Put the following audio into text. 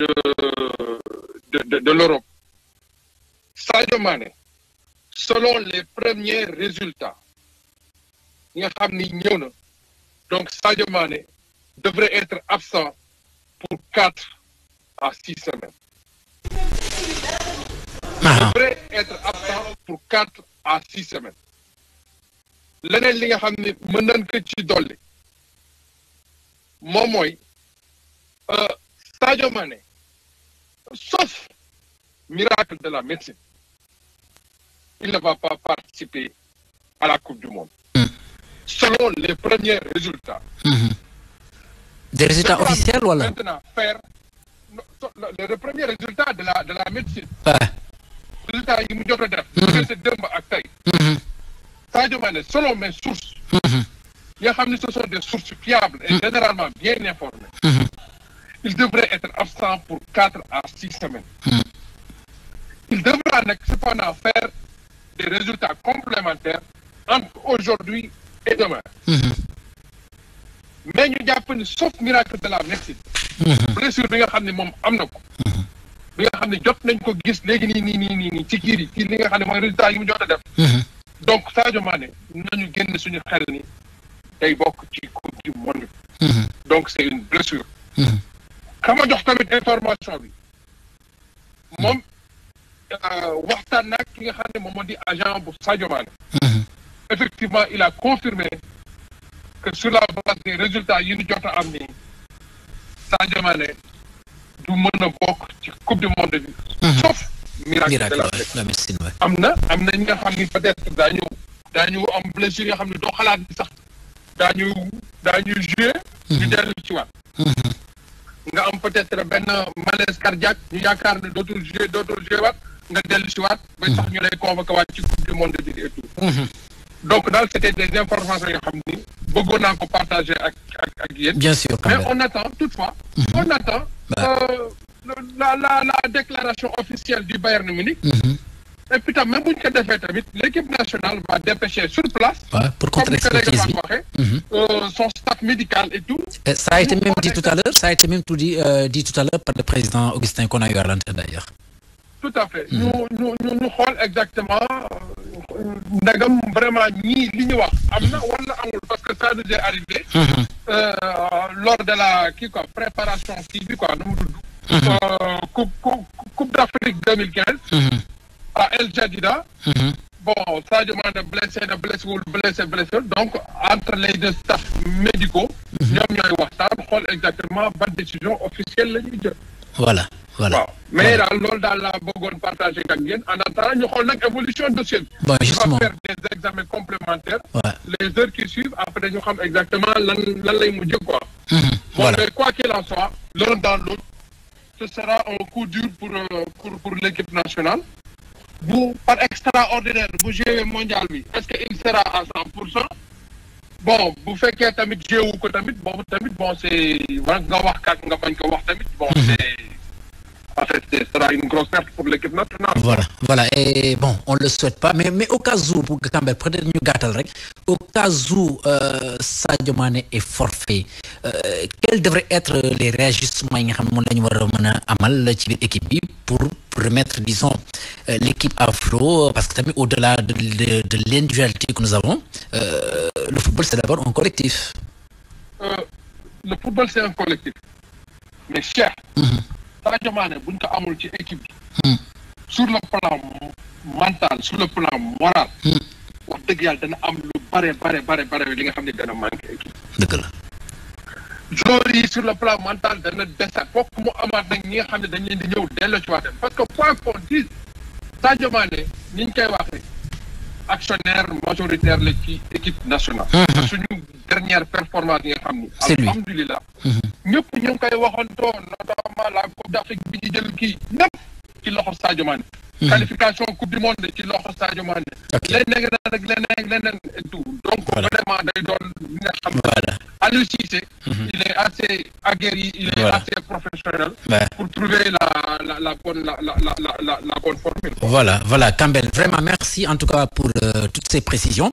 de, de, de, de l'Europe. Sadio selon les premiers résultats ñi nga xam ni ñëw donc Sadio Mané devrait être absent pour quatre à six semaines. Ah. devrait être absent pour quatre à six semaines. leneen li nga xam ni mën nañ ko dolli moom mooy euh, Sadio Mané sauf miracle de la médecine, il ne va pas participer à la Coupe du Monde. Hmm. Selon les premiers résultats. Hmm. Des résultats officiels, voilà. les premiers résultats de la, médecine. résultats yi mu jot a def. Hmm. diggante selon mes sources. yoo xam ne ce sont des sources fiables et généralement bien informées. il devrait être absent pour quatre à six semaines. Mmh. Il devra cependant faire des résultats complémentaires entre aujourd'hui et demain. Hmm. mais ñu jàpp ni sauf miracle de la médecine. Hmm. blessure bi nga xam ne moom am na ko. Hmm. bi nga xam ne jot nañ ko gis léegi nii nii nii nii nii ci kii ci li nga xam ne mooy résultat yi mu jot a def. donc Sadio Mané nañu génn suñu xel ni day bokk ci coupe du monde. donc c'est une blessure. kama jox tamit information bi moom euh, waxtaan nag ki nga xam ne moom moo di agent bu Sadio Mané mhm. effectivement il a confirmé que sur la base des yi ñu jot a am nii Sadio du mën a bokk ci coupe du monde bi mhm. sauf miracle de la am na am na ñi nga xam ni peut-être daañu daañu am blessure yoo xam ne doo xalaat bi sax daañu mhm. ñu dellu nga am peut-être benn malaise cardiaque ñu yaakaar ne dootul nga dellu si waat ba sax ñu lay convoqué waat ci coupe du monde bi et tout mhm. ni bëggoon ko partager ak ak ak yéen bien sûr mais on attend toutefois mhm. on attend euh, la la la déclaration officielle du Bayern Munich mhm. et puis tam même bu ñu ko defee tamit l' équipe nationale va dépêcher sur place. pour contre expertise bi mm -hmm. staff médical et tout. ça a été même dit tout à l'heure ça a euh, par le président Augustin qu'on a eu à l'antenne d'ailleurs tout à fait ñu ñu ñu exactement euh, ndagam vraiment ñii li ñu wax am na mhm. parce que ça nous est mhm. lors de la kii quoi préparation kii bi quoi nu mhm. coupe coupe deux mille quinze. à El Jadida. Mm -hmm. bon Sadio Mané blessé na blessé wul blessé blessé donc entre les deux staffs médicaux. Mhm. ñoom ñooy waxtaan xool exactement ban décision officielle la ñuy jël. voilà voilà waaw mais daal loolu daal laa bëggoon partager ak yéen en attendant ñu xool nag évolution dossier bi. bon justement on va faire des examens complémentaires. les heures qui suivent après ñu exactement lan lan lay mhm. sera un coup dur pour euh, l'équipe nationale. bu par extraordinaire bu joué mondial bi est que il sera à pour cent bu fekkee tamit jéewu ko tamit boobu tamit bon c'est war nga wax kat nga bañ ko wax tamit bon mhm. c'est en fait ce sera une grosse pour l'équipe nationale voilà voilà et bon on le souhaite pas mais mais au cas où bu Kambel peut-être ñu gàttal rek au cas où euh, Sadio Mané est forfait euh, quels devraient être les réagissements yi nga xam ne moom la ñu war a a amal ci biir équipe bi pour remettre, disons, euh, l'équipe à euh, parce que tamit au-delà de, de, de l'individualité que nous avons, euh, le football, c'est d'abord un collectif. le football, c'est un collectif. Mais cher, mhm. Sadio Mané bu ñu ko amul ci équipe bi. Mhm. sur le plan mental sur le plan moral. Mhm. wax dëgg yàlla dana am lu bare bare bare bare li nga xam ne équipe. joueurs yi sur le plan mental dana desat fokk mu amaat nag ñi nga xam ne dañuy leen di ñëw delloo ci waxtaan parce que quoi qu'on ni ñu koy waxee actionnaire majoritaire la ci équipe nationale. Mm-hmm. suñu dernière performance yi nga xam ni. alhamdulilah. Mm-hmm. ñëpp ñu ngi koy waxantoo notamment la Coupe d'Afrique bi jël kii ñëpp ci loxo saajo Mané. Mhm. qualification coupe du monde ci loxo Sadio Mané. ok leneen ak leneen leneen et tout. donc vraiment day doon li nga xam ne. Aliou Cissé. Mhm. il est assez aguerri il est assez professionnel. pour trouver la la la bonne la la la la la bonne formule. voilà voilà Kambel vraiment merci en tout cas pour euh, toutes ces précisions.